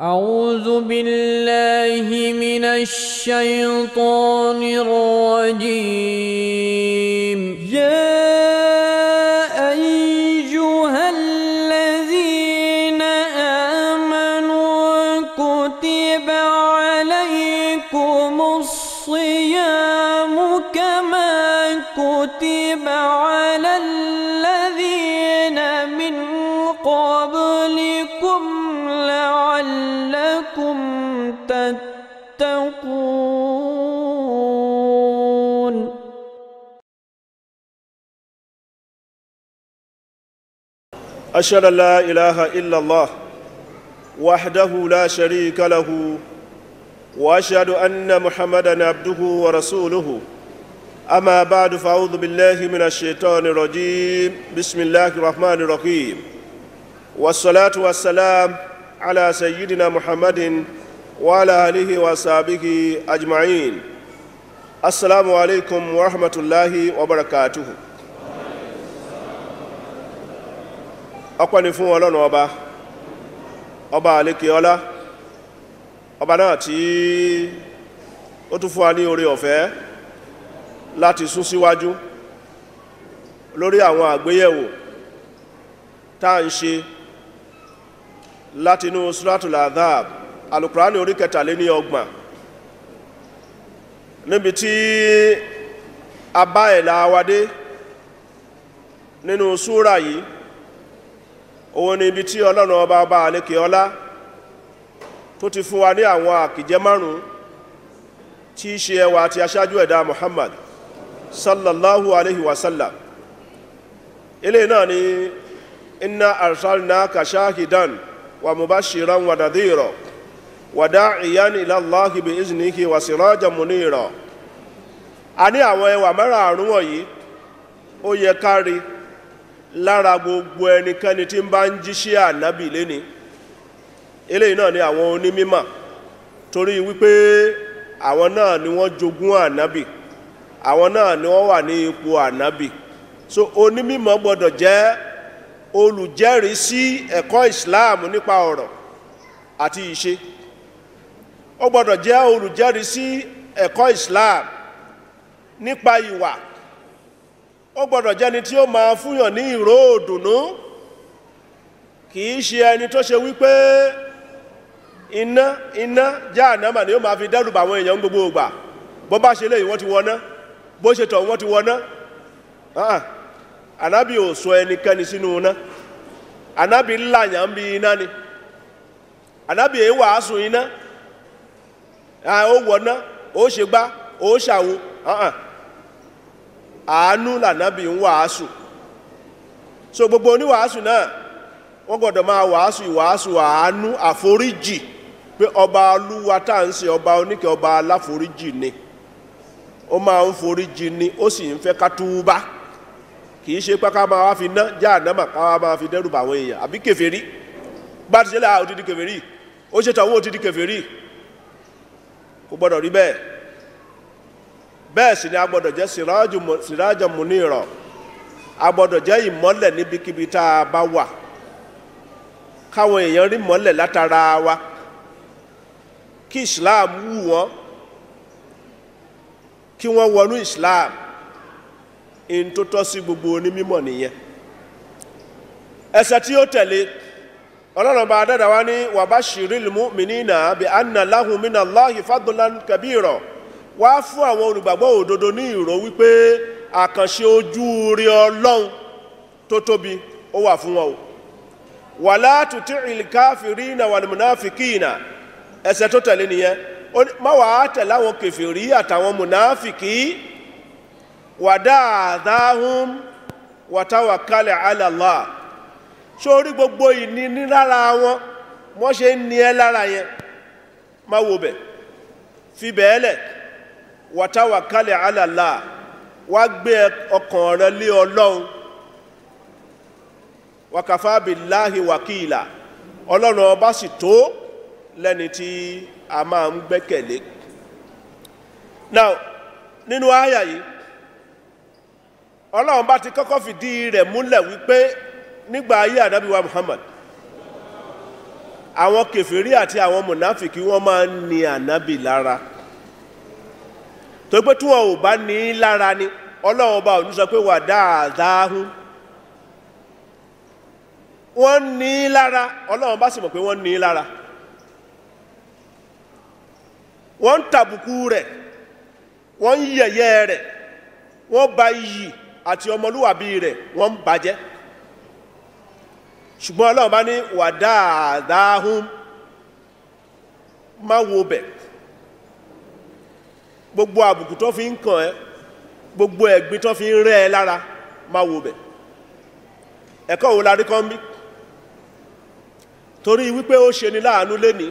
أعوذ بالله من الشيطان الرجيم أشهد ان لا اله الا الله وحده لا شريك له واشهد ان محمدا عبده ورسوله اما بعد فاعوذ بالله من الشيطان الرجيم بسم الله الرحمن الرحيم والصلاه والسلام على سيدنا محمد وعلى اله وصحبه اجمعين السلام عليكم ورحمه الله وبركاته ọpẹ́ ni fún ọlọ́nà ọba ọba àlékè ọba náà tí ó tún fún wa ní orí ọ̀fẹ́ láti sún síwájú lórí àwọn àgbéyẹ̀wò tá à ń ṣe látinú suratul adhab alukurani orí kẹtàléní ọgbọ̀n níbi tí a bá nínú súra yìí òun ni ibi tí ọlọ́run ọba ọba àlékè ọlá tó ti fún wa ní àwọn àkìjẹ márùn-ún tí í ṣe ẹwà àti aṣáájú ẹ̀dá muhammad sallallahu alaihi wasallam ilé náà ni inna arsalna kashahidan wa mubashiran wa nadhira wa da'iyan ila allahi bi iznihi wa sirajan munira a ní àwọn ẹwà mẹ́rààrún wọ̀nyí ó yẹ kárí lára gbogbo ẹnikẹ́ni tí ń bá ń jíṣẹ́ ànábì léni eléyìí náà ni àwọn onímímọ̀ torí wípé àwọn náà ni wọ́n jogún ànábì àwọn náà ni wọ́n wà ní ipò ànábì so onímímọ̀ gbọ́dọ̀ jẹ́ olùjẹ́rìí sí ẹ̀kọ́ Islam nípa ọ̀rọ̀ àti ìṣe ó gbọ́dọ̀ jẹ́ olùjẹ́rìí sí ẹ̀kọ́ Islam nípa ìwà ó gbọ́dọ̀ jẹ́ni tí ó máa fúnyàn ní ìró òdùnú kìí ṣe ẹni tó ṣe wípé iná iná já ànámà ni ó máa fi dẹ́rùbà àwọn èèyàn gbogbo ògbà bó bá ṣe léyìn wọ́n ti wọná bó ṣe tọ̀ wọ́n ti wọná ànábì ò sọ ẹnikẹ́ni sínú iná ànábì láyàn bí iná ni ànábì èé wàásù iná ah, ó wọná ó ṣe gbá ó ṣàwo àánú lànábì ń wàásù so gbogbo oníwàásù náà wọ́n gbọdọ máa wàásù ìwàásù àánú àforíjì pé ọba olúwa tá à ń ṣe ọba oníkẹ ọba aláforíjì ni ó máa ń foríjì ni ó sì ń fẹ́ ká kì í ṣe pé ká máa wá fi ná já ànámà ká wá fi dẹ́rù àwọn èèyàn àbí bá ti ṣe láà ó ti di ó ṣe ó bẹ́ẹ̀ sì ni a gbọ́dọ̀ jẹ́ siraja munira a gbọ́dọ̀ jẹ́ ìmọ́lẹ̀ níbikíbi tá a bá wà káwọn èèyàn rí mọ́lẹ̀ látara wa kí islam wù wọ́n kí wọ́n wọnú islam in tó tọ́ sí gbogbo onímọ̀ nìyẹn ẹsẹ̀ tí ó tẹ̀lé ọlọ́run bá dáadáa wá ní wabashiril mu'minina bi anna lahum minallahi fadlan kabira. wá fún àwọn olùgbàgbọ́ òdodo ní ìró wípé àkànṣe ojú rí ọlọ́run tó tóbi ó wà fún wọn o wala tuti'il na. wal munafikina ẹsẹ̀ tó tẹ̀lé nìyẹn má wàá tẹ̀lé àwọn kèfèrí àtàwọn munafiki wàdáàdáhùn wàtàwàkálẹ̀ ala Allah sórí gbogbo ìní lára wọn wọ́n ṣe ń ní ẹ́ lára yẹn má wo bẹ̀ fi bẹ́ẹ̀ lẹ̀ wàtàwàkálẹ̀ wakali wá gbé ọkàn rẹ lé ọlọ́run wàkàfà billahi wàkìlà ọlọ́run ọba sì tó lẹ́ni tí a máa ń gbẹ́kẹ̀lé now nínú àyà yìí ọlọ́run bá ti kọ́kọ́ fìdí rẹ̀ múlẹ̀ wípé nígbà ayé ànábì wa Muhammad àwọn kèfèrí àti àwọn mùnáfìkì wọn máa ń ni ànábì lára tó pé tí wọn ò ní lára ni ọlọ́run ọba ò ní wà dáadáa wọ́n ní lára ọlọ́run bá sì mọ̀ pé wọ́n ní lára wọ́n ń tàbùkù rẹ̀ wọ́n ń rẹ̀ wọ́n ba iyì àti ọmọlúwàbí rẹ̀ wọ́n ń bàjẹ́ ṣùgbọ́n ọlọ́run bá wà dáadáa má wo gbogbo àbùkù tó fi ń kàn ẹ́ gbogbo ẹ̀gbin tó fi ń rẹ́ ẹ lára máa wo bẹ̀ ẹ̀kọ́ wo la rí kán bí torí wípé ó ṣe ni láàánú léni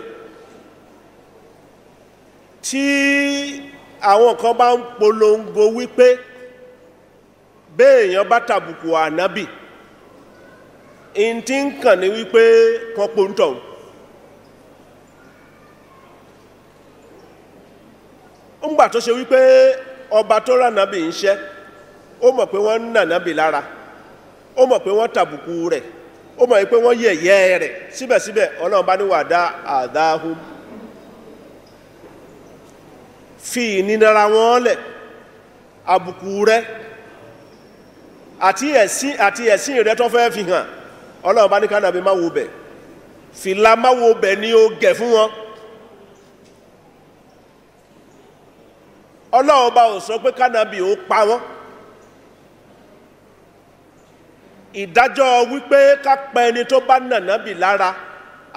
tí àwọn kan bá ń polongo wípé béèyàn bá tàbùkù ànábì in ń kàn ní wípé kan pòǹtọ̀hún ńgbà tó ṣe wípé ọba tó rà nábì ń ṣẹ́ ó mọ̀ pé wọ́n nà nábì lára ó mọ̀ pé wọ́n tàbùkù rẹ̀ ó mọ̀ pé wọ́n yẹ̀yẹ́ rẹ̀ síbẹ̀síbẹ̀ ọlọ́run bá ní wàdá àdáhùn fi ìnira wọn lẹ̀ àbùkù rẹ̀ àti ẹ̀sìn àti ẹ̀sìn rẹ̀ fi hàn ọlọ́run bá ní ká nàbí má wo bẹ̀ fìlà má wo bẹ̀ ni ó gẹ̀ fún ọlọ́run ọba ò sọ pé kánábì ó pa wọ́n ìdájọ́ wípé ká pa ẹni tó bá nànábì lára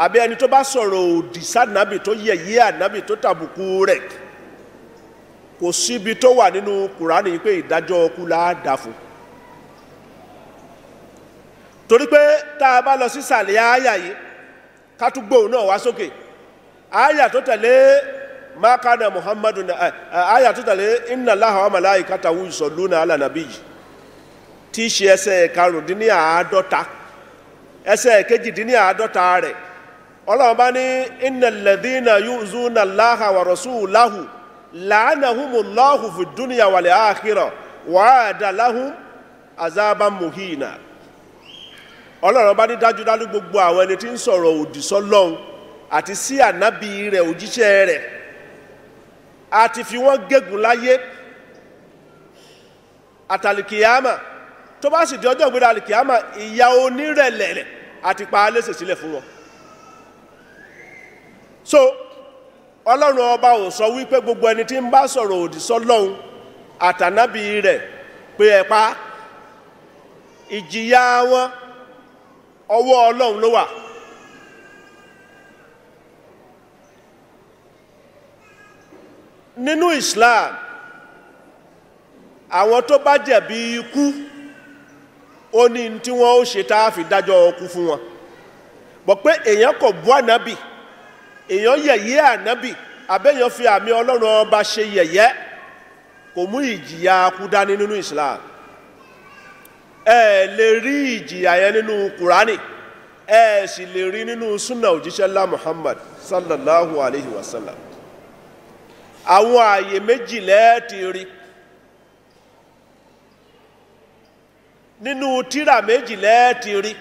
àbí ẹni tó bá sọ̀rọ̀ òdì sànábì tó yẹ̀yẹ́ ànábì tó tàbùkù rẹ̀ kò síbi tó wà nínú kùránì pé ìdájọ́ ọkú là á dà fún torí pé tá a bá lọ sísàlẹ̀ ááyà yìí ká tún náà wá sókè tó tẹ̀lé ma kana muhammadu na eh, eh, aya tó tẹ̀lé inna allaha wa malaikatahu yusalluna ala nabiyyi tí í ṣe ẹsẹ̀ karùndínláàádọ́ta ẹsẹ̀ kejìdínláàádọ́ta rẹ̀ ọlọ́run bá ní innal ladhina yu'zuna allaha wa rasulahu la'anahumullahu fid dunya wal akhirah wa'ada lahum azaban muhina ọlọ́run bá ní gbogbo àwọn ẹni tí ń sọ̀rọ̀ òdì sọ́lọ́run àti sí ànábì rẹ̀ àti fi wọn gégùn láyé àtàlìkìyàmà tó bá sì di ọjọ́ ìgbéra àlìkìyàmà ìyà onírẹ̀lẹ̀ àti pa alẹ́ sèsílẹ̀ fún wọn so ọlọ́run ọba ò sọ wípé gbogbo ẹni tí ń bá sọ̀rọ̀ òdì sọ́lọ́hun àtànábì rẹ̀ pé ẹ pa ìjìyà wọn ọwọ́ ọlọ́run ló wà nínú Islam àwọn tó bá jẹ̀bi ikú ó ní tí wọ́n ó ṣe tá a fi dájọ́ ọkú fún wọn bọ̀ pé èèyàn kò bú ànábì èèyàn yẹ̀yẹ́ ànábì àbẹ́yàn fi àmì ọlọ́run ọba ṣe yẹ̀yẹ́ kò mú ìjìyà kú dání nínú Islam ẹ lè rí ìjìyà yẹn nínú Kùránì ẹ sì lè rí nínú súnà òjíṣẹ́ Muhammad sallallahu alayhi wa sallam àwọn ààyè méjì lẹ́ẹ̀tì rí nínú tírà méjì lẹ́ẹ̀tì rí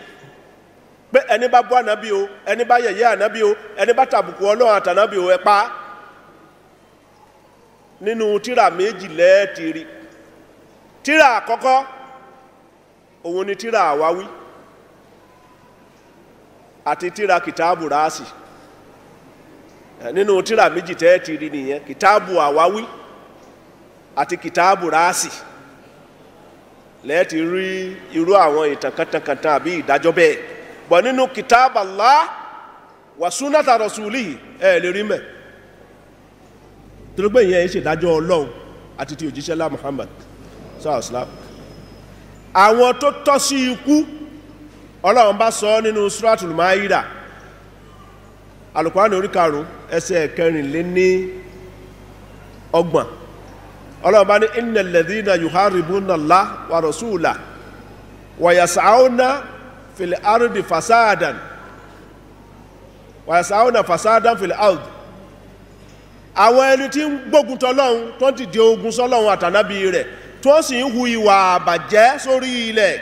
pé ẹni bá bú ànábì o ẹni bá yẹ̀yẹ́ ànábì o ẹni bá tàbùkù ọlọ́run àtànábì o ẹ pa nínú tírà méjì lẹ́ẹ̀tì rí tírà àkọ́kọ́ òun ni tírà àwáwí àti tírà kìtàbù ráàsì. Si nínú tíra méjì tẹ́ ti rí nìyẹn kìtáàbù àwáwí àti kìtáàbù ráàsì lẹ́ẹ̀tì rí irú àwọn ìtàn kàtàkàtà àbí ìdájọ́ bẹ́ẹ̀ bọ̀ nínú kìtáàbù Allah wa sunnata rasulihi ẹ̀ lè rí mẹ́ torí pé ìyẹn ìṣèdájọ́ ọlọ́run àti ti òjíṣẹ́ Muhammad sallam àwọn tó tọ́ sí ikú ọlọ́run bá sọ nínú suratul Maida alùkùránì orí karùn ẹsẹ̀ kẹrìnlé ní ọgbọ̀n ọlọ́run bá ní innal ladhina yuharibuna Allah wa rasulahu wa yas'auna fil ardi fasadan wa yas'auna fasadan fil ardi àwọn ẹni tí ń gbógun tọlọ́run tó ti di ogun sọlọ́run àtànábì rẹ̀ tó sì ń hu ìwà àbàjẹ́ sórí ilẹ̀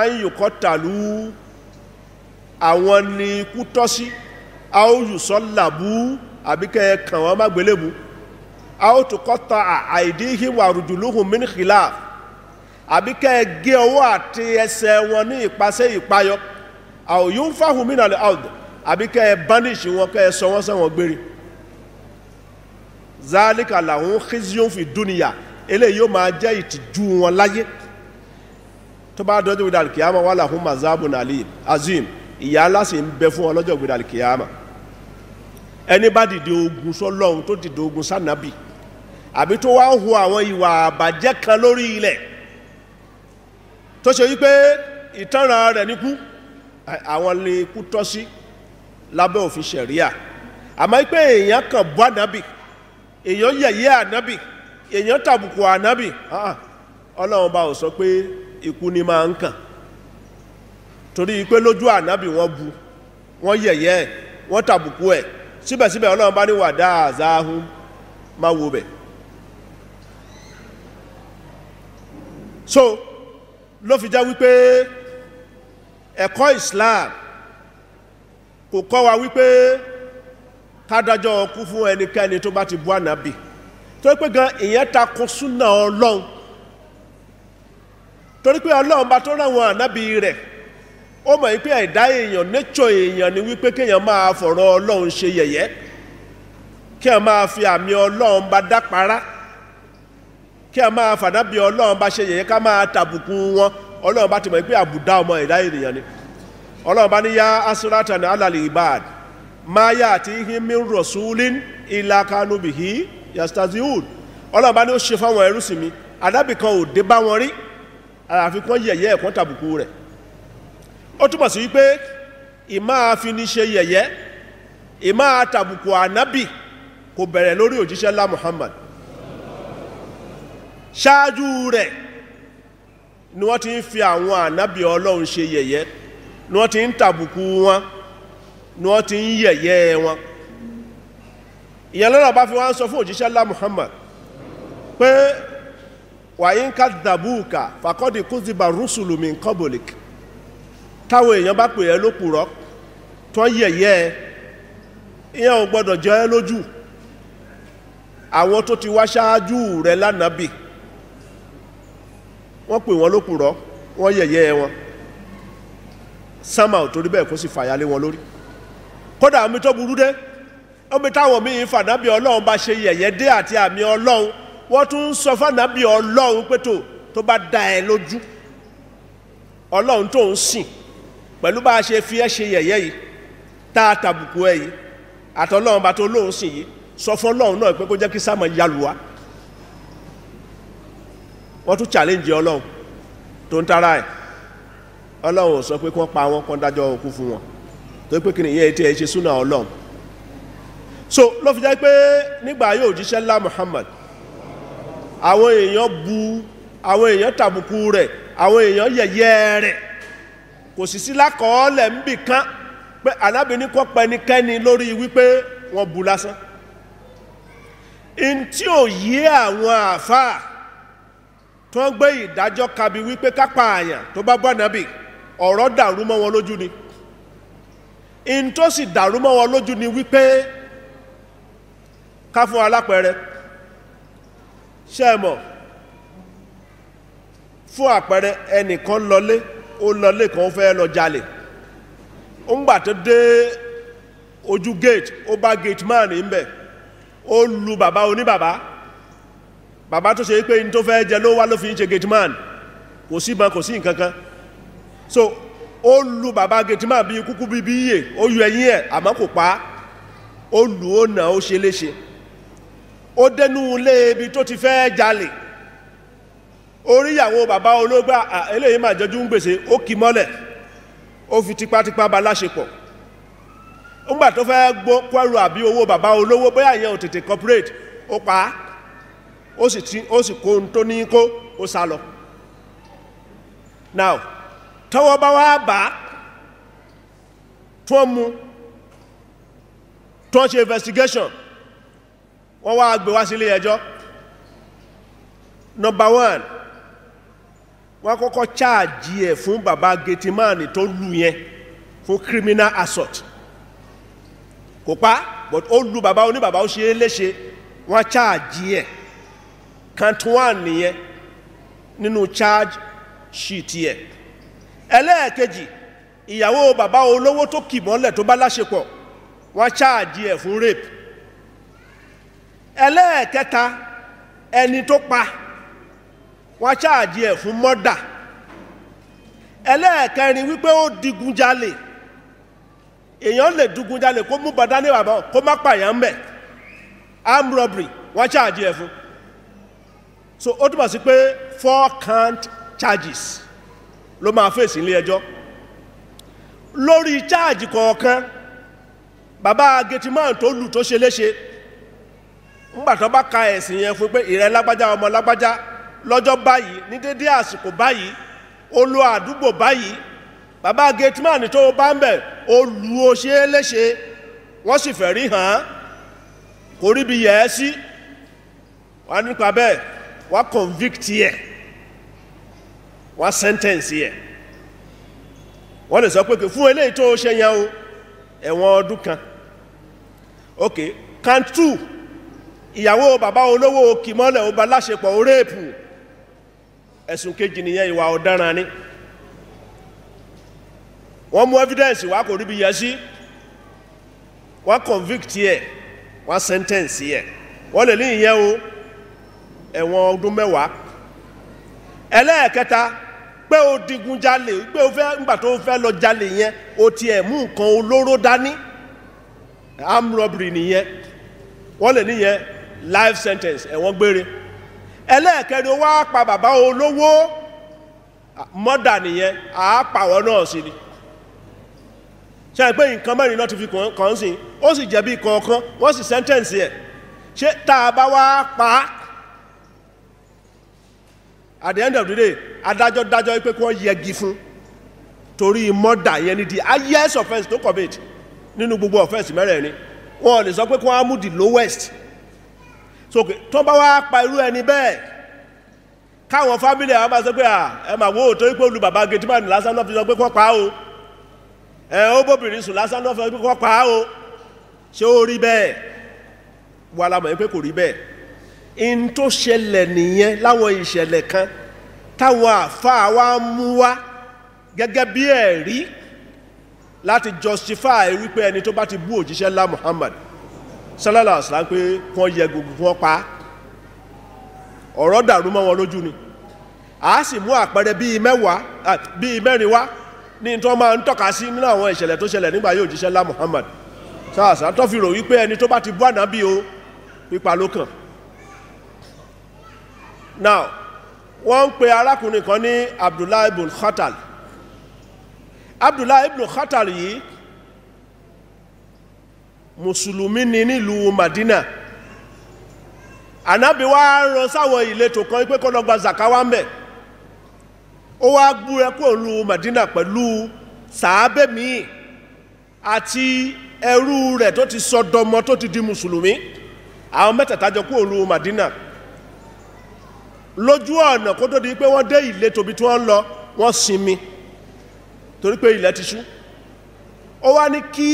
ayùkọ́ tàlú àwọn ni ikú tọ́ sí a ó yù sọ làbú àbíkẹ́ kàn wọ́n má gbélébùú a ó tún kọ́ ta àìdíhì wàrùjùlùhùn min khilaf àbíkẹ́ gé ọwọ́ àti ẹsẹ̀ wọn ní ìpasẹ̀ ìpayọ a ó yún fáhùn mí nàlẹ́ ọ̀dọ̀ àbíkẹ́ banish wọn kẹ́ sọ wọ́n sẹ́wọ̀n gbére zálíkà làwọn khizyun fi dúnìyà eléyìí yóò máa jẹ́ ìtìjú wọn láyé tó bá dọ́jú wíwá kìí àmọ́ wàhálà fún mazabu nàlẹ́ azim. ìyá aláṣẹ ń bẹ fún ọlọ́jọ́ ìgbéra kìyàmà ẹni bá dìde ogun sọlọ́run tó dìde ogun sànàbì àbí tó wá ń hu àwọn ìwà àbàjẹ́ kan lórí ilẹ̀ tó ṣe wípé ìtanràn rẹ̀ níkú àwọn kú tọ́ sí lábẹ́ òfin àmọ́ pé èèyàn bọ́ ànábì èèyàn yẹ̀yẹ́ ànábì èèyàn tàbùkù ànábì ah, ọlọ́run bá ò torí pé lójú ànábì wọ́n bu wọ́n yẹ̀yẹ́ ẹ̀ wọ́n tàbùkù ẹ̀ síbẹ̀síbẹ̀ ọlọ́run bá ní wàdá àzáhùn máa wo bẹ̀. so ló fi jẹ́ wípé ẹ̀kọ́ Islam kò kọ́ wa wípé kádájọ́ kú fún ẹnikẹ́ni tó bá ti bu ànábì torí pé gan ìyẹn takò súnà ọlọ́run torí pé ọlọ́run bá tó ràn wọn ànábì rẹ̀ ó mọ̀ wípé àìdá èèyàn nature èèyàn ni wípé kéèyàn máa fọ̀rọ̀ ọlọ́run ṣe yẹ̀yẹ́ kí a máa fi àmì ọlọ́run bá kí a máa fàdábì ọlọ́run bá ṣe yẹ̀yẹ́ ká máa tàbùkù wọn ọlọ́run bá ti mọ̀ pé àbùdá ọmọ ni ọlọ́run bá ní yá asúrátà ní ibad ilà ọlọ́run bá ní ó ṣe fáwọn ẹrú mi àdábì kan ò dé bá wọn rí yẹ̀yẹ́ ó túmọ̀ sí wípé ìmá afini yẹ̀yẹ́ ìmá àtàbùkù ànábì kò bẹ̀rẹ̀ lórí òjíṣẹ́ lá Muhammad ṣáájú rẹ̀ ni wọ́n ti ń fi àwọn ànábì ọlọ́run ṣe yẹ̀yẹ́ ni wọ́n ti ń tàbùkù wọn ni wọ́n ti ń yẹ̀yẹ́ wọn ìyẹn lọ́nà bá fi wá ń sọ fún òjíṣẹ́ lá Muhammad pé wàyínká dàbúùkà fàkọ́dì táwọn èèyàn bá pè ẹ́ lópùrọ́ tán yẹ̀yẹ́ ẹ ìyẹn ò gbọ́dọ̀ jẹ́ ẹ́ lójú àwọn tó ti wá ṣáájú rẹ lánàbì wọ́n pè wọ́n lópùrọ́ wọ́n yẹ̀yẹ́ ẹ wọn sámà ò torí bẹ́ẹ̀ kó sì fàyà lé wọn lórí kódà omi tó burú dé omi táwọn míì fànábì ọlọ́run bá ṣe yẹ̀yẹ́ dé àti àmì ọlọ́run wọ́n tún ń sọ fànábì ọlọ́run pé tó tó bá da ẹ lójú ọlọ́run tó ń sìn pẹ̀lú bá a ṣe fi ẹ́ ṣe yẹ̀yẹ́ yìí tá a tàbùkù ẹ yìí àtọ́lọ́run bá tó lóun sìn yìí sọ fún ọlọ́run náà pé kó jẹ́ kí sáàmù yalùwá wọ́n tún challenge ọlọ́run tó ń tara ẹ̀ ọlọ́run ò sọ pé kí wọ́n pa wọn kó dájọ́ òkú fún wọn tó pé kí ni ìyẹn ti ṣe súnà ọlọ́run so ló fi jẹ́ pé nígbà yóò jíṣẹ́ ńlá Muhammad àwọn èèyàn bu àwọn èèyàn tàbùkù rẹ̀ àwọn èèyàn yẹ̀yẹ́ rẹ̀ kò sì sí lákọọ́lẹ̀ ń bì pé Ànábì kọ́ pẹnikẹ́ni lórí wípé wọ́n bu lásán in tí ò yí àwọn àfáà tó ń gbé ìdájọ́ kabi wípé kápá àyàn tó bá bọ́ Ànábì ọ̀rọ̀ dàrú mọ́ wọn lójú ni in tó sì dàrú mọ́ wọn lójú ni wípé ká fún alápẹẹrẹ ṣe é mọ̀ fún àpẹẹrẹ ẹnìkan lọlé ó lọ lẹ́kàn ó fẹ́ lọ jalè ó ń gbà tó dé ojú gate ó bá gate man ń bẹ̀ ó lu bàbá oníbàbá bàbá tó ṣe pé ní tó fẹ́ jẹ ló wá ló fi ń ṣe gate man kò sí ìbọn kò sí nǹkan kan so ó lu bàbá gate man bíi kúkú bíi bí yè ó yọ ẹyin ẹ̀ àmọ́ kò pa á ó lu ó nà ó ṣe léṣe ó dẹnu ilé ibi tó ti fẹ́ jalè oríyàwó bàbá olóògbà eléyìí máa jọjú ń gbèsè ó kì mọ́lẹ̀ ó fi tipátipá bá láṣepọ̀ ńgbà tó fẹ́ gbọ́ àbí owó bàbá olówó bóyá ìyẹn ò tètè corporate ó pa á ó sì kó ohun tó ní kó ó sá now bá wá bá tí investigation wọ́n wá gbé wá sílé one wọ́n kọ́kọ́ cháàjì ẹ̀ fún bàbá gẹtìmáàni tó lù yẹn fún criminal assault kò pa but ó lu bàbá oníbàbá ó ṣe é léṣe wọ́n cháàjì ẹ̀ kantuan nìyẹn nínú charge sheet yẹ ẹlẹ́ẹ̀kejì ìyàwó bàbá olówó tó kì mọ́lẹ̀ tó bá láṣepọ̀ wọ́n cháàjì ẹ̀ fún rape ẹlẹ́ẹ̀kẹta ẹni tó pa wa ṣáàjì ẹ fún mọ́dà ẹlẹ́ẹ̀kẹrin wípé ó digunjalè èèyàn lè digunjalè kó mú bàdá bàbá kó má pààyàn mbẹ. arm robbery wọ́n ṣáàjì ẹ fún so ó túmọ̀ sí pé four count charges ló máa fèsì ilé ẹjọ́ lórí cháàjì kọ̀ọ̀kan bàbá getiman tó lù tó ṣe léṣe ńgbà tó bá ka ẹ̀sìn yẹn fún pé ìrẹ́ ọmọ lágbájá lọ́jọ́ báyìí ní dédé àsìkò báyìí olú àdúgbò báyìí bàbá gateman tó bá ń bẹ̀ olú o ṣe é léṣe wọ́n sì fẹ̀rí hàn án kò ríbi yẹ̀ ẹ́ sí wà nípa bẹ́ẹ̀ wà convict yẹ wà sentence yẹ wọ́n lè sọ pé kí fún eléyìí tó ṣe yẹn o ẹ̀wọ̀n ọdún kan ok count two ìyàwó bàbá olówó kìmọ́lẹ̀ ọba láṣepọ̀ ó ẹ̀sùn kejì nìyẹn ìwà ọ̀daràn ni wọ́n mú evidence wá kò ríbi yẹ wọ́n convict yẹ wọ́n sentence yẹ wọ́n lè ní ìyẹn o ẹ̀wọ̀n ọdún mẹ́wàá ẹlẹ́ẹ̀kẹta pé o digun jalè pé o fẹ́ ńgbà tó o fẹ́ lọ jalè yẹn o tiẹ̀ mú nǹkan olóró dání armed robbery nìyẹn wọ́n ẹlẹ́ẹ̀kẹ́ni ó wá pa bàbá olówó mọ́dà nìyẹn àápàwọ̀ náà sí ni ṣe pé nǹkan mẹ́rin náà ti fi kàn sí ó sì jẹ̀bi kọ̀ọ̀kan wọ́n sì sẹ́ńtẹ̀ǹsì ẹ̀ ṣé tá a bá wá pa á at the end of the day adájọ́ dájọ́ pé kí wọ́n yẹgi fún torí mọ́dà yẹn ni the highest offence to commit nínú gbogbo offence mẹ́rẹ̀ẹ̀rin wọn ò lè sọ pé kí wọ́n á mú the lowest sókè tó bá wá pa irú ẹni bẹ́ẹ̀ káwọn fámìlì àwọn máa sọ pé ẹ máa wo torí pé olùbàbá gẹtìmánì lásán náà fi sọ pé kọ́ pa á o ẹ ó bóbìnrin sùn lásán náà fi kọ́ pa á o ṣé ó rí bẹ́ẹ̀ wà lámọ̀ yín pé kò rí bẹ́ẹ̀ in tó ṣẹlẹ̀ nìyẹn láwọn ìṣẹ̀lẹ̀ kan táwọn àáfàá wa ń mú wá gẹ́gẹ́ bí ẹ̀rí láti justify wípé ẹni tó bá ti bú òjíṣẹ́ ńlá Muhammad sálálà àṣìlá pé wọ́n yẹ gbogbo wọn pa ọ̀rọ̀ dàrú mọ́ wọn lójú ni a sì mú àpẹẹrẹ bíi mẹ́wàá bíi mẹ́rin wá ní tí wọ́n máa ń tọ́ka sí nínú àwọn ìṣẹ̀lẹ̀ tó ṣẹlẹ̀ nígbà yóò jíṣẹ́ lá Muhammad sáàsá tó fi rò wípé ẹni tó bá ti bú ànábì o pípa ló kàn now wọ́n ń pe arákùnrin kan ní Abdullahi ibn Khatal Abdullahi ibn Khatal yìí mùsùlùmí ni nílùú Madina ànábì wá rán sáwọn ìletò kan pé kó lọ gba zaka wá ń bẹ̀ ó wá gbúrẹ́ kó lu Madina pẹ̀lú sàábẹ́ míì àti ẹrú rẹ̀ tó ti sọdọmọ tó ti di mùsùlùmí àwọn mẹ́tẹ̀ẹ̀ta jọ kó lu Madina lójú ọ̀nà kó tó di pé wọ́n dé ìletò bí tí wọ́n ń lọ wọ́n sinmi torí pé ilẹ̀ ti ṣú ó wá ní kí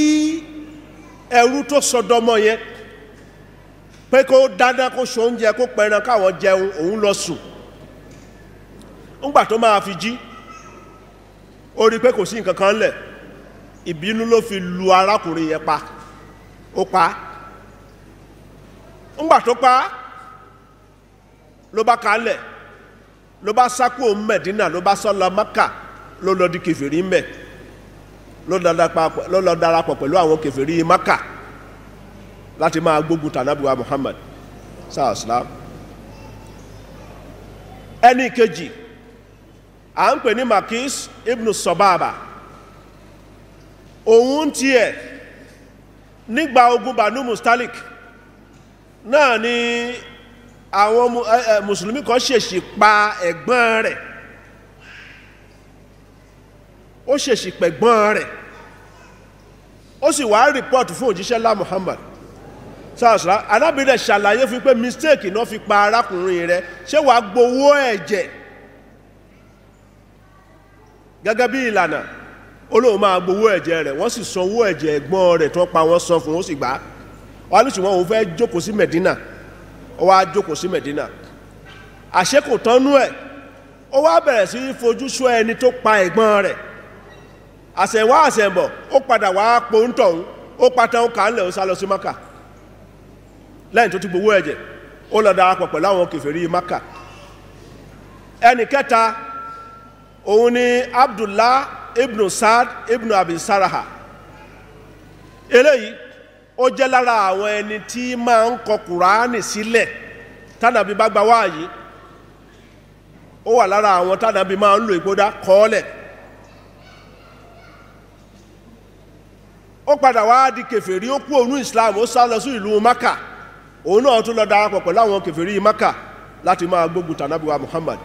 ẹrú tó sọdọmọ yẹn pé kó dáná kó so oúnjẹ kó pẹran káwọn jẹun òun lọ sùn ńgbà tó máa fi jí ó rí pé kò sí nǹkan kan lẹ̀ ìbínú ló fi lu arákùnrin yẹn pa ó pa ńgbà tó pa ló bá kalẹ̀ ló bá sákò mẹ́dínà ló bá sọ lọ maka ló lọ di kẹfìrí ló lọ darapọ̀ pẹ̀lú àwọn kèfèrí maka láti máa gbógun tànàbíwá Muhammad sàásìlám ẹni kejì à ń pè ní Makis ibn Sobaba òun tiẹ̀ nígbà ogun Banu Mustalik náà ni àwọn mùsùlùmí kan ṣèṣì pa ẹ̀gbọ́n rẹ̀ ó ṣèṣì pẹ̀gbọ́n rẹ̀ ó sì wá rìpọ́ọ̀tù fún òjíṣẹ́ lá Muhammad sara arábìnrin rẹ̀ ṣàlàyé fún pé mistake náà fi pa arákùnrin rẹ̀ ṣé wàá gbowó ẹ̀jẹ̀ gẹ́gẹ́ bí ìlànà olóhùn máa gbowó ẹ̀jẹ̀ rẹ̀ wọ́n sì san owó ẹ̀jẹ̀ ẹ̀gbọ́n rẹ̀ tó pa wọ́n san fún ó sì gbà á wọ́n o ṣùgbọ́n òun fẹ́ jókòó sí Medina ó wá jókòó sí Medina àṣé kò tánú ẹ̀ ó wá bẹ̀rẹ̀ sí fojú sọ ẹni tó pa ẹ̀gbọ́n rẹ̀ àṣẹ̀wá àṣẹ̀bọ̀ ó padà wá pòúntọ̀ òun ó pátá ó kà á lẹ̀ ó sá lọ sí maka lẹ́yìn tó ti gbowó ẹ̀jẹ̀ ó lọ darapọ̀ pẹ̀lú àwọn kèfèrí maka ẹni kẹta ni abdullah ibn ibn abi eléyìí ó jẹ́ lára àwọn ẹni tí máa ń kọ ó padà wá di kèfèrí ó kú òun islam ó sá lọ sí ìlú maka òun náà tún lọ darapọ̀ pẹ̀lú àwọn kèfèrí maka láti máa gbógun tànàbíwá muhammad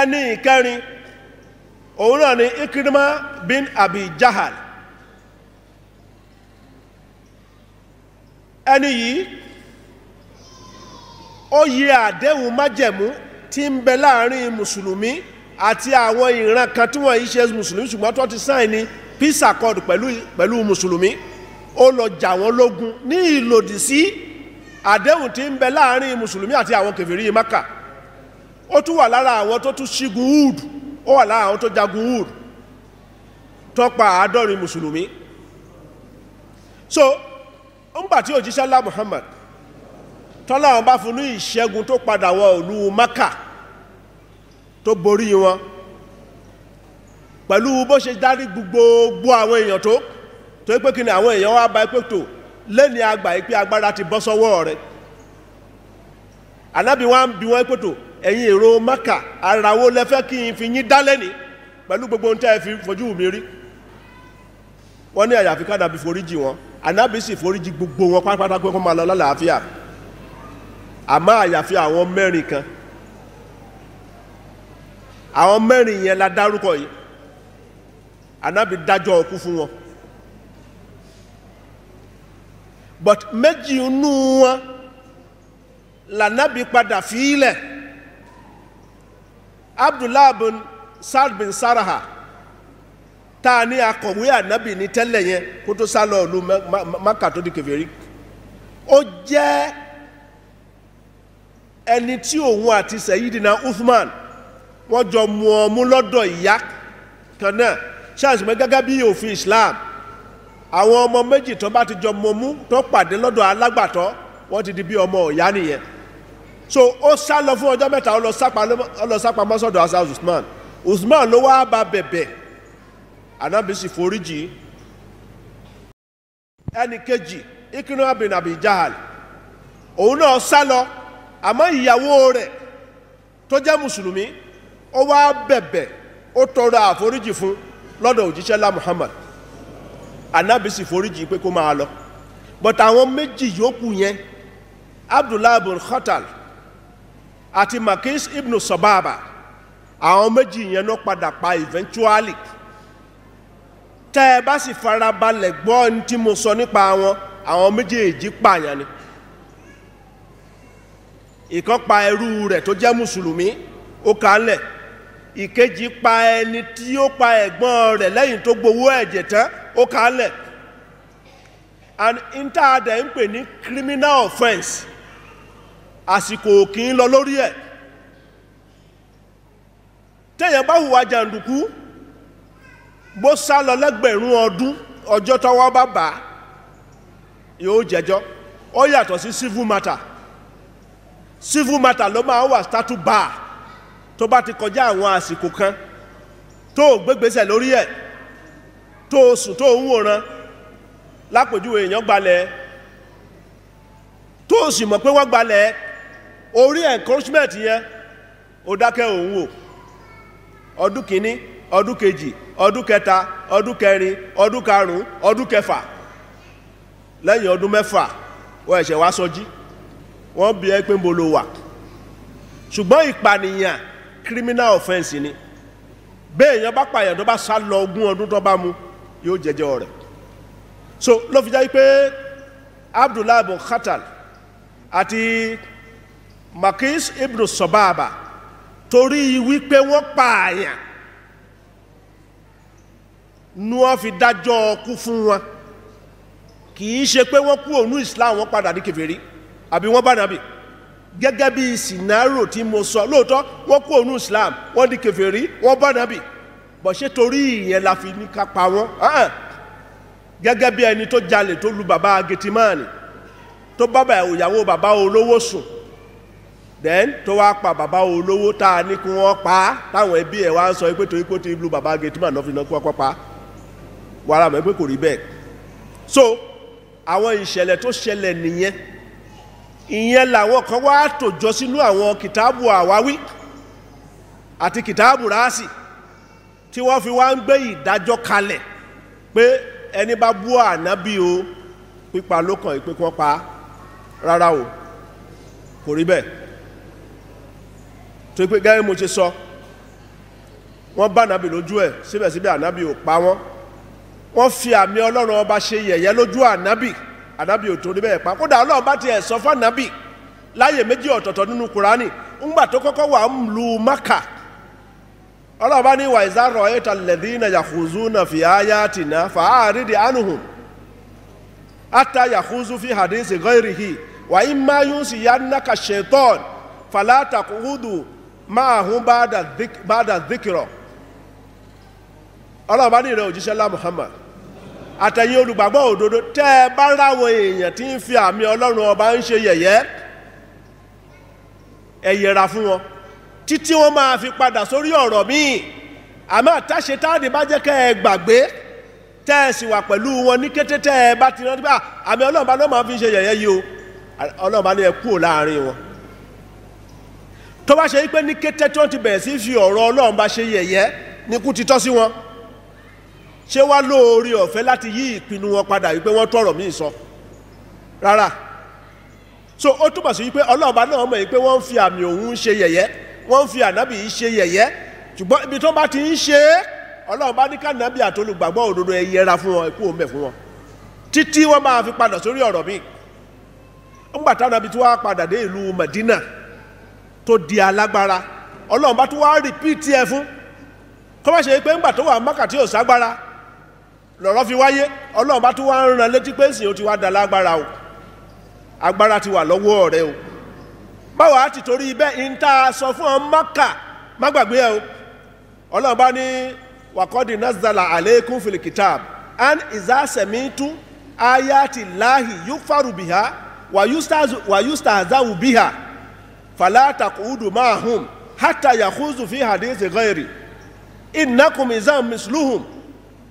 ẹni ìkẹrin òun náà ni ikrima bin abi jahal ẹni yìí ó yẹ àdéhùn májẹ̀mú tí ń bẹ láàrin mùsùlùmí àti àwọn ìran kan tí wọ́n yìí ṣe mùsùlùmí ṣùgbọ́n tó ti sáìn ni peace accord pẹ̀lú pẹ̀lú mùsùlùmí ó lọ jà wọ́n lógun ní ìlòdì sí àdéhùn tí ń bẹ láàrin mùsùlùmí àti àwọn kèfèrí maka ó tún wà lára àwọn tó tún ṣígun Uhud ó wà lára àwọn tó jagun Uhud tó àádọ́rin mùsùlùmí so ńgbà tí òjíṣẹ́ ńlá Muhammad tọ́lá wọn bá fún ní ìṣẹ́gun tó padà wọ ìlú maka tó borí wọn pẹ̀lú bó ṣe darí gbogbo àwọn èèyàn tó tó pé kí ni àwọn èèyàn wá bá pé tó lẹ́ni àgbà yìí pé agbára ti bọ́ sọ́wọ́ rẹ̀ anábì wọn bí wọn pé tó ẹ̀yin èrò maka arawó lẹ́fẹ́ kí n fi yín dá lẹ́ni pẹ̀lú gbogbo ohun tẹ́ ẹ fi fojú mi rí wọ́n ní àyàfi kádàbí foríjì wọn anábì sì foríjì gbogbo wọn pátápátá pé kó máa lọ lálàáfíà àmọ́ àyàfi àwọn mẹ́rin kan àwọn mẹ́rin yẹn la dárúkọ yìí anábì dájọ́ ọkú fún wọn but méjì inú wọn lànàbì padà fílẹ̀ abdullahi bin sad bin saraha tá a ní ni ànábì ní tẹ́lẹ̀ yẹn kó tó sá lọ ìlú maka tó di kèfèrí ó jẹ́ ẹni tí òun àti sẹ̀yìdìna uthman wọ́n jọ mú ọmú lọ́dọ̀ ìyá kan náà ṣáàṣùmọ́ gẹ́gẹ́ bí òfin Islam àwọn ọmọ méjì tó bá ti jọ mọ̀mú tó pàdé lọ́dọ̀ alágbàtọ́ wọ́n ti di bí ọmọ ọ̀yá nìyẹn so ó sá lọ fún ọjọ́ mẹ́ta ó lọ sápa mọ́sọ̀dọ̀ asa Usman Usman ló wá bá bẹ̀bẹ̀ Ànábì sì foríjì ẹnì kejì Ikrimah bin Abi Jahal òun náà sá lọ àmọ́ ìyàwó rẹ̀ tó jẹ́ mùsùlùmí ó wá bẹ̀bẹ̀ ó tọrọ àforíjì fún un lọ́dọ̀ òjíṣẹ́ lá Muhammad anabi sì foríjì pé kó máa lọ but àwọn méjì yòókù yẹn Abdullah ibn Khatal àti Makis ibn Sababa àwọn méjì yẹn náà padà pa eventually tẹ́ ẹ bá sì farabalẹ̀ gbọ́ ohun tí mo sọ nípa wọn àwọn méjèèjì pààyàn ni ìkan pa ẹrú rẹ̀ tó jẹ́ mùsùlùmí ó kà á lẹ̀ ìkejì pa ẹni tí ó pa ẹ̀gbọ́n rẹ̀ lẹ́yìn tó gbowó ẹ̀jẹ̀ tán ó kálẹ̀ and intaadẹ̀ ń pè ní criminal offence àsìkò kì í lọ lórí ẹ̀ téèyàn bá hùwà jàǹdùkú bó sá lọ lẹ́gbẹ̀rún ọdún ọjọ́ tọwọ́ bá bà á yóò jẹjọ́ ó yàtọ̀ sí civil matter civil matter ló máa wà statute bar tó bá ti kọjá àwọn àsìkò kan tó gbégbèsè lórí ẹ̀ tó sùn tó ń wòran lápòjúwe èèyàn gbalẹ̀ tó sì mọ̀ pé wọ́n gbalẹ̀ orí encouragement yẹn ó dákẹ́ òun wò ọdún kìíní ọdún kejì ọdún kẹta ọdún kẹrin ọdún karùn ọdún kẹfà lẹ́yìn ọdún mẹ́fà wọ́n ẹ̀ṣẹ̀ wá sọjí wọ́n bí ẹ pé ń bolo wà ṣùgbọ́n ìpànìyàn criminal offence ni bẹ́ẹ̀ yẹn bá pààyàn tó bá sá lọ ogún ọdún tó bá mu yóò jẹjọ́ rẹ̀ so ló fi jáde pé abdullahi ibn khatal àti makis ibn sobaba torí wípé wọ́n pààyàn ni wọ́n fi dájọ́ kú fún wọn kì í ṣe pé wọ́n kú òun islam wọ́n padà di kèfèrí àbí wọ́n bá nàbì gẹ́gẹ́ bí sinaro tí mo sọ lóòótọ́ wọ́n kú òun islam wọ́n di kèfèrí wọ́n bá nàbì bọ̀ ṣé torí ìyẹn la fi ní ká pa wọ́n gẹ́gẹ́ bí ẹni tó jalè tó lu bàbá getimáàni tó bàbá ìyàwó bàbá olówó sùn then tó wá pa bàbá olówó tá a ní kí wọ́n pa á táwọn ẹbí ẹ̀ wá ń sọ pé torí pé ti lu bàbá getimáàni náà fi náà kí wọ́n pa wàhálà mọ́ pé kò rí bẹ́ẹ̀ so àwọn ìṣẹ̀lẹ̀ tó ṣẹlẹ̀ nìyẹn ìyẹn làwọn kan wá tòjọ sínú àwọn kìtàbù àwáwí àti kìtàbù ráàsì tí wọ́n fi wá ń gbé ìdájọ́ kalẹ̀ pé ẹni bá bú ànábì o pípa ló kàn ìpín kan pa rárá o kò rí bẹ́ẹ̀ tó pé gẹ́gẹ́ mo ṣe sọ wọ́n bá ànábì lójú ẹ̀ síbẹ̀síbẹ̀ ànábì ò pa wọ́n wọ́n fi àmì ọlọ́run ọba ṣe yẹ̀yẹ́ lójú ànábì ànábì ò torí bẹ́ẹ̀ pa kódà ọlọ́run bá tiẹ̀ sọ fún ànábì láyè méjì ọ̀tọ̀ọ̀tọ̀ nínú kùránì ńgbà tó kọ́kọ́ wà ń lu maka ọlọ́run bá ní wà ìzárọ̀ ẹ̀ta lẹ́dínà yàkùzú na fi áyá tìǹà fàárídìí anuhun ata yàkùzú fi hadisi gọ́ìrìhì wà í má yún sí yánnaka ṣetán falata kúhùdù máa hún bá dà díkìrọ̀ ní ìrẹ́ òjíṣẹ́ muhammad àtẹ̀yìn olùgbàgbọ́ òdodo tẹ́ ẹ bá ráwọn èèyàn tí ń fi àmì ọlọ́run ọba ń ṣe yẹ̀yẹ́ ẹ yẹra fún wọn títí wọn máa fi padà sórí ọ̀rọ̀ míì àmọ́ àtàṣe táàdì bá jẹ́ kẹ́ ẹ gbàgbé tẹ́ ẹ sì wà pẹ̀lú wọn ní kété tẹ́ ẹ bá ti rántí bá àmì ọlọ́run bá náà máa fi ṣe yẹ̀yẹ́ yìí o ọlọ́run bá ní ẹ kúrò láàrin wọn tó bá ṣe wípé ní kété tí wọ́n ti bẹ̀rẹ̀ sí fi ọ̀rọ̀ ọlọ́run bá ṣe yẹ̀yẹ́ ní kú ti tọ́ sí wọn ṣé wá lóore ọ̀fẹ́ láti yí ìpinnu wọn padà wípé wọ́n tọrọ míì sọ rárá so ó túmọ̀ sí wípé ọlọ́ọ̀bá náà mọ̀ wípé wọ́n ń fi àmì òun ṣe yẹ̀yẹ́ wọ́n ń fi ànábì yìí ṣe yẹ̀yẹ́ ṣùgbọ́n ibi tó bá ti ń ṣe é ọlọ́ọ̀bá ní kànábì àtolùgbàgbọ́ òdodo ẹ yẹra fún wọn kú òun fún wọn títí wọ́n máa fi padà sórí ọ̀rọ̀ míì Madina tó di alágbára ọlọ́ọ̀bá rìpíìtì ẹ fún pé ńgbà lọ̀rọ̀ fi wáyé ọlọ́run bá tún wá ń ran létí pé ìsìn ó ti wá dà lágbára o agbára ti wà lọ́wọ́ rẹ o báwo á ti torí bẹ́ẹ̀ ń tá a sọ fún ọ mọ́kà má gbàgbé ẹ o ọlọ́run bá ní wàkọ́dì nazala aleikum filikitab an izasemitu ayati lahi yufaru biha wayusta azawu biha falata kuudu maahum hata yahuzu fi hadithi ghairi innakum izam misluhum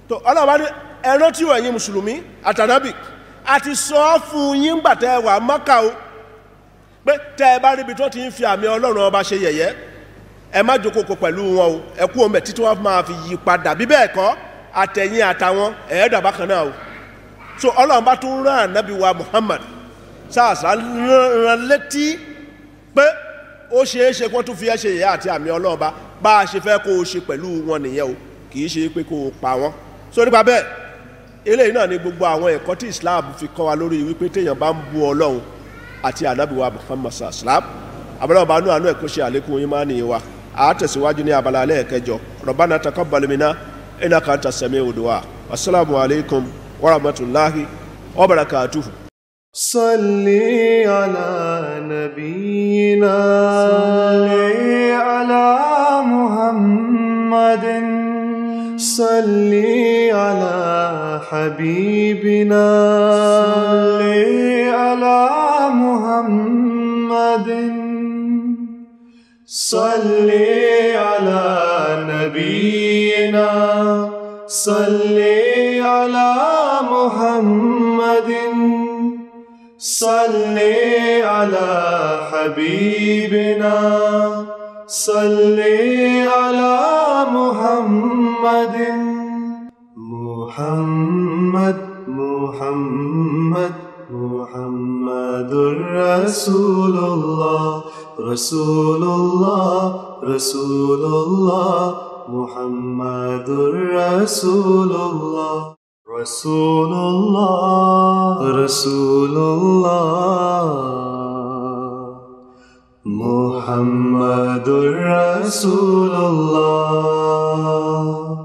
tó ọlọ́ọ̀bá ní ẹran tí wọ̀nyí mùsùlùmí àtànábì àti sọ ọ́ fún yín gbà tẹ́ ẹ wà mọ́kà o pé tẹ́ ẹ bá ríbi tó ti ń fi àmì ọlọ́run ọba ṣe yẹ̀yẹ́ ẹ má jókòó pẹ̀lú wọn o ẹ kú omi ẹ̀ títí wọ́n máa fi yí padà bí bẹ́ẹ̀ kọ́ àtẹ̀yìn àtàwọn ẹ̀ẹ́dà bákan náà o so ọlọ́run bá tún rán ànábì wa Muhammad sáàsà rán létí pé ó ṣeé ṣe kó tún fi ẹ́ ṣe yẹ̀yẹ́ àti àmì ọlọ́run bá bá a ṣe fẹ́ kó o ṣe pẹ̀lú wọn nìyẹn o kì í ṣe pé kó o pa wọn so nípa bẹ́ẹ̀ eléyìí náà ni gbogbo àwọn ẹ̀kọ́ tí Islam fi kọ́ wa lórí wípé téèyàn bá ń bu Ọlọ́run àti anabiwa Muhammad sallam abalawo bá nú àánú ẹ̀kọ́ ṣe àlékún yín máa nìyí wa a tẹ̀síwájú ní abala alẹ́ kẹjọ Rabbana taqabbal minna innaka anta sami'ud du'a wasalaamu alaykum wa rahmatulahi wa barakatuhu. salli ala nabiyyina salli ala muhammadin salli. حبيبنا صل على محمد صل على نبينا صل على محمد صل على حبيبنا صل على محمد محمد محمد محمد محمد رسول الله رسول الله رسول الله محمد رسول الله رسول الله رسول الله محمد رسول الله